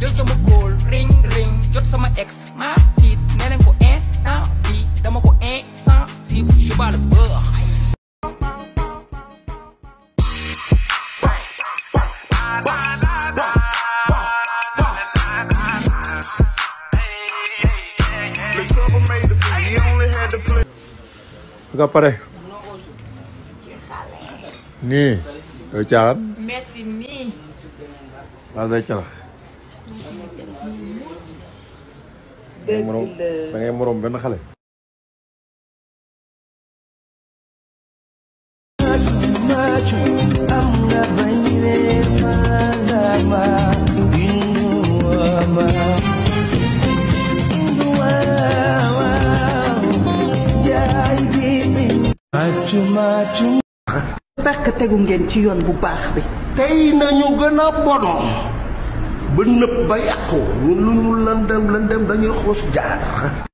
jël sama call ring ring jot sama ex ma tiit nee leen ko instant dama ko insensible je bats le beurre Gak pare. Eh? Nih, eh, jalan. Messi nih. Ada jalan. dëgg la da ngay moroom benn xale. fekk tegu ngeen bu bah? bi. tey nañu gën ba nëb ba yàqu ñun lu ñu lëndëm lëndëm dañuy xuus jaar